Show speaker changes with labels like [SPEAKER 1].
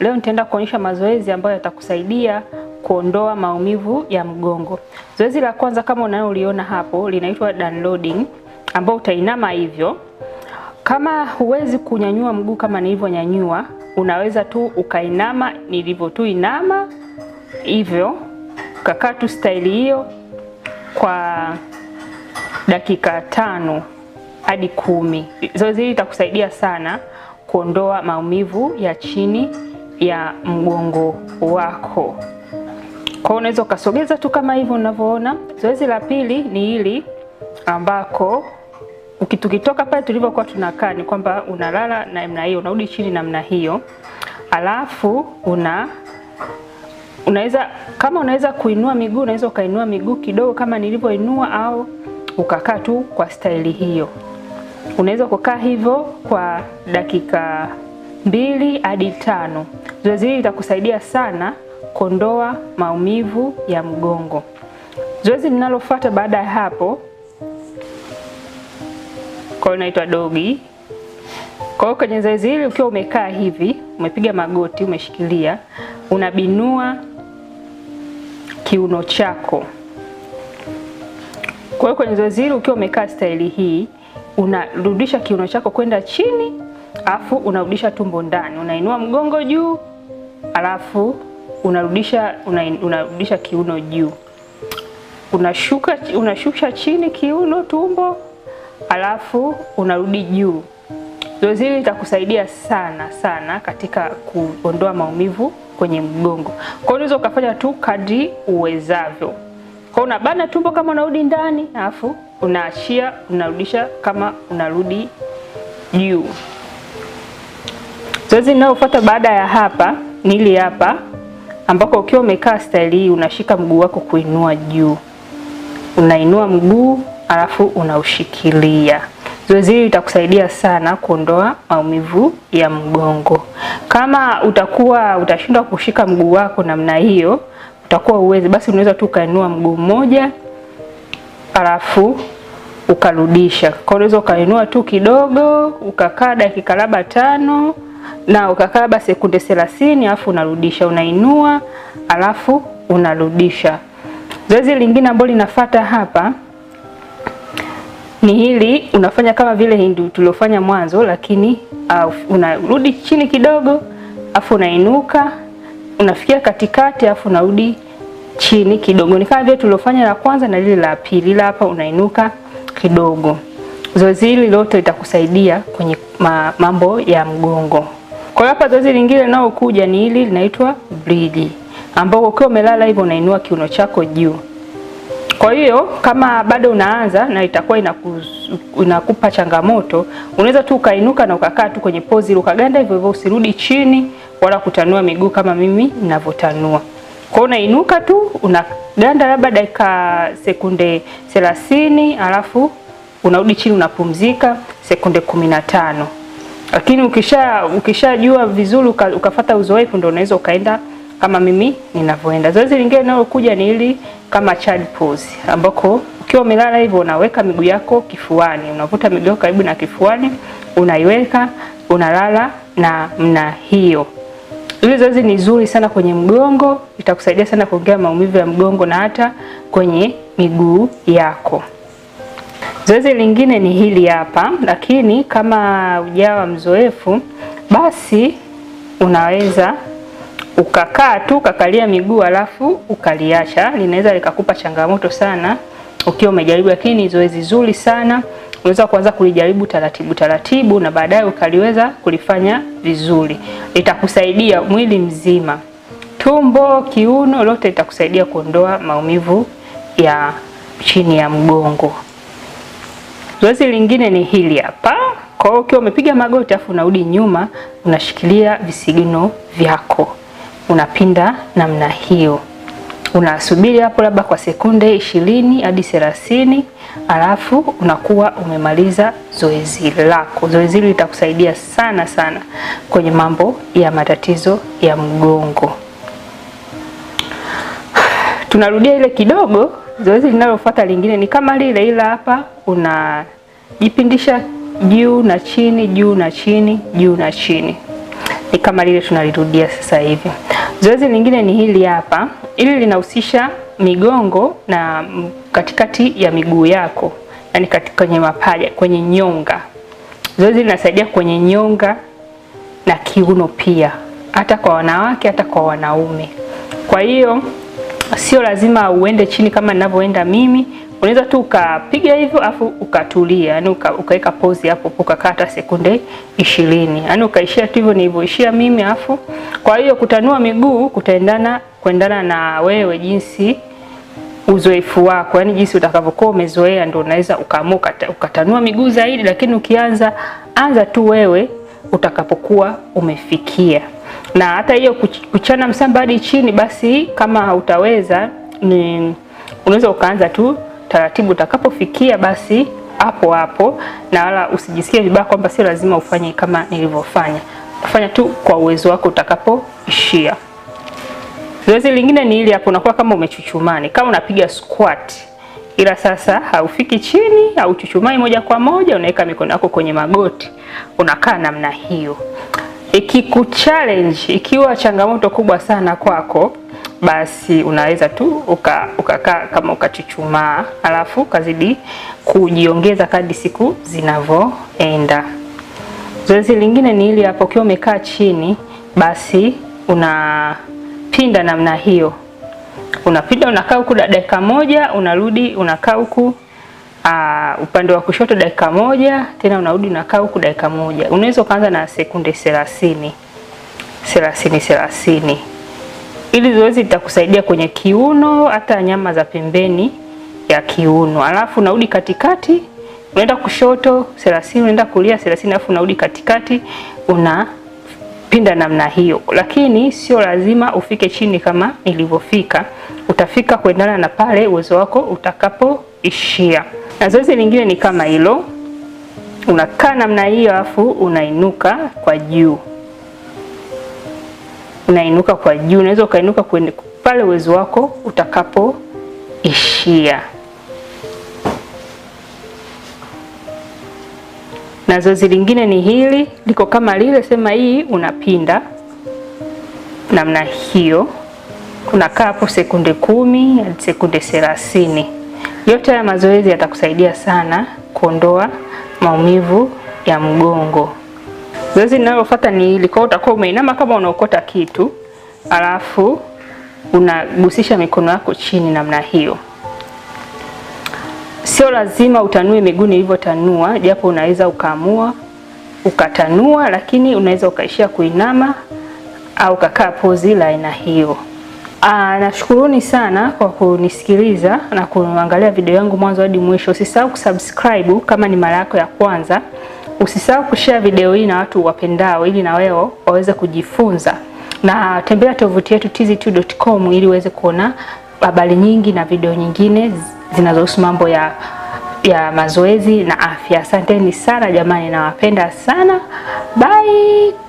[SPEAKER 1] Leo nitaenda kuonyesha mazoezi ambayo yatakusaidia kuondoa maumivu ya mgongo. Zoezi la kwanza kama unaloliona hapo linaitwa downloading, ambao utainama hivyo. Kama huwezi kunyanyua mguu kama nilivyonyanyua, unaweza tu ukainama nilivyo tu inama hivyo, ukakaa tu staili hiyo kwa dakika tano hadi kumi. Zoezi hili litakusaidia sana kuondoa maumivu ya chini ya mgongo wako. Kwa hiyo unaweza ukasogeza tu kama hivyo unavyoona. Zoezi la pili ni hili ambako tukitoka pale tulivyokuwa tunakaa ni kwamba unalala namna hiyo, unarudi chini namna hiyo, alafu una unaweza kama unaweza kuinua miguu, unaweza ukainua miguu kidogo kama nilivyoinua, au ukakaa tu kwa staili hiyo. Unaweza kukaa hivyo kwa dakika mbili hadi tano. Zoezi hili litakusaidia sana kondoa maumivu ya mgongo. Zoezi linalofuata baada ya hapo, kwa inaitwa dogi. Kwa hiyo kwenye zoezi hili ukiwa umekaa hivi, umepiga magoti, umeshikilia, unabinua kiuno chako. Kwa hiyo kwenye zoezi hili ukiwa umekaa staili hii, unarudisha kiuno chako kwenda chini alafu unarudisha tumbo ndani, unainua mgongo juu, alafu unarudisha unarudisha kiuno juu, unashuka unashusha chini kiuno, tumbo, alafu unarudi juu. Zoezi hili litakusaidia sana sana katika kuondoa maumivu kwenye mgongo. Kwa hiyo unaweza ukafanya tu kadri uwezavyo. Kwa hiyo unabana tumbo kama unarudi ndani, alafu unaachia, unarudisha kama unarudi juu. Zoezi linalofuata baada ya hapa ni hili hapa, ambako ukiwa umekaa staili hii unashika mguu wako kuinua juu, unainua mguu alafu unaushikilia. Zoezi hili litakusaidia sana kuondoa maumivu ya mgongo. Kama utakuwa utashindwa kushika mguu wako namna hiyo, utakuwa uwezi, basi unaweza tu ukainua mguu mmoja alafu ukarudisha. Kwa hiyo unaweza ukainua tu kidogo ukakaa dakika laba tano na ukakaa labda sekunde thelathini, alafu unarudisha, unainua alafu unarudisha. Zoezi lingine ambalo linafata hapa ni hili, unafanya kama vile hindu tuliofanya mwanzo, lakini uh, unarudi chini kidogo, afu unainuka, unafikia katikati, afu unarudi chini kidogo. Ni kama vile tuliofanya la kwanza na lile la pili, ila hapa unainuka kidogo. Zoezi hili lote litakusaidia kwenye ma, mambo ya mgongo. Kwa hiyo hapa zoezi lingine nao kuja ni hili linaitwa bridge, ambapo ukiwa umelala hivyo unainua kiuno chako juu. Kwa hiyo kama bado unaanza na itakuwa inakupa changamoto, unaweza tu ukainuka na ukakaa tu kwenye pozi ile ukaganda hivyo hivyo, usirudi chini wala kutanua miguu kama mimi ninavyotanua. Kwa hiyo unainuka tu unaganda labda dakika sekunde 30 alafu unarudi chini unapumzika sekunde kumi na tano. Lakini ukisha ukishajua vizuri uka, ukafata uzoefu ndio unaweza ukaenda kama mimi ninavyoenda. Zoezi lingine linalokuja ni hili kama child pose ambako ukiwa umelala hivyo unaweka miguu yako kifuani, unavuta miguu yako karibu na kifuani, unaiweka, unalala na mna hiyo. Hili zoezi ni zuri sana kwenye mgongo, itakusaidia sana kuongea maumivu ya mgongo na hata kwenye miguu yako. Zoezi lingine ni hili hapa, lakini kama ujawa mzoefu, basi unaweza ukakaa tu ukakalia miguu alafu ukaliacha. Linaweza likakupa changamoto sana ukiwa umejaribu, lakini zoezi zuri sana. Unaweza kuanza kulijaribu taratibu taratibu, na baadaye ukaliweza kulifanya vizuri. Litakusaidia mwili mzima, tumbo, kiuno, lote litakusaidia kuondoa maumivu ya chini ya mgongo. Zoezi lingine ni hili hapa. Kwa hiyo ukiwa umepiga magoti afu unarudi nyuma, unashikilia visigino vyako, unapinda namna hiyo, unasubiri hapo labda kwa sekunde ishirini hadi thelathini, alafu unakuwa umemaliza zoezi lako. Zoezi hili litakusaidia sana sana kwenye mambo ya matatizo ya mgongo. Tunarudia ile kidogo. Zoezi linalofuata lingine ni kama lile, ila hapa unajipindisha juu na chini, juu na chini, juu na chini, ni kama lile tunalirudia sasa hivi. Zoezi lingine ni hili hapa, ili linahusisha migongo na katikati ya miguu yako, yani kwenye mapaja, kwenye nyonga. Zoezi linasaidia kwenye nyonga na kiuno pia, hata kwa wanawake, hata kwa wanaume. Kwa hiyo sio lazima uende chini kama ninavyoenda mimi unaweza tu ukapiga hivyo afu ukatulia, yani ukaweka pause hapo ukakata sekunde ishirini, yani ukaishia tu hivyo nilivyoishia mimi. Afu kwa hiyo kutanua miguu kutaendana kuendana na wewe jinsi uzoefu wako, yani jinsi utakavyokuwa umezoea, ndio unaweza ukaamua ukatanua miguu zaidi. Lakini ukianza anza tu wewe utakapokuwa umefikia, na hata hiyo kuchana msamba hadi chini, basi kama hautaweza ni unaweza ukaanza tu taratibu utakapofikia basi hapo hapo, na wala usijisikie vibaya kwamba sio lazima ufanye kama nilivyofanya. Fanya tu kwa uwezo wako utakapoishia. Zoezi lingine ni ili hapo, unakuwa kama umechuchumani, kama unapiga squat, ila sasa haufiki chini, hauchuchumai moja kwa moja, unaweka mikono yako kwenye magoti, unakaa namna hiyo. Ikikuchallenge, ikiwa changamoto kubwa sana kwako basi unaweza tu ukakaa uka, kama ukachuchumaa, alafu ukazidi kujiongeza kadri siku zinavyoenda. Zoezi lingine ni hili hapo, ukiwa umekaa chini, basi unapinda namna hiyo, unapinda unakaa huku dakika moja, unarudi unakaa huku Uh, upande wa kushoto dakika moja tena unarudi unakaa huku dakika moja. Unaweza ukaanza na sekunde thelathini thelathini thelathini. Hili zoezi litakusaidia kwenye kiuno, hata nyama za pembeni ya kiuno. Alafu unarudi katikati, unaenda kushoto 30, unaenda kulia 30, alafu unarudi katikati, unapinda namna hiyo, lakini sio lazima ufike chini kama ilivyofika Utafika kuendana na pale uwezo wako utakapoishia. Na zoezi lingine ni kama hilo, unakaa namna hiyo, alafu unainuka kwa juu unainuka kwa juu, unaweza ukainuka kwenye pale uwezo wako utakapoishia. Na zoezi lingine ni hili, liko kama lile, sema hii unapinda namna hiyo, unakaa hapo sekunde kumi hadi sekunde thelathini. Yote haya mazoezi yatakusaidia sana kuondoa maumivu ya mgongo. Zoezi linalofuata ni hili. Kwa utakua utakuwa umeinama kama unaokota kitu, alafu unagusisha mikono yako chini namna hiyo. Sio lazima utanue miguu nilivyotanua, japo unaweza ukaamua ukatanua, lakini unaweza ukaishia kuinama au kakaa pozi la aina hiyo. Ah, nashukuruni sana kwa kunisikiliza na kuangalia video yangu mwanzo hadi mwisho. Usisahau kusubscribe kama ni mara yako ya kwanza. Usisahau kushare video hii na watu wapendao, ili na wewe waweze kujifunza, na tembelea tovuti yetu tz2.com ili uweze kuona habari nyingi na video nyingine zinazohusu mambo ya ya mazoezi na afya. Asanteni sana jamani, nawapenda sana. Bye.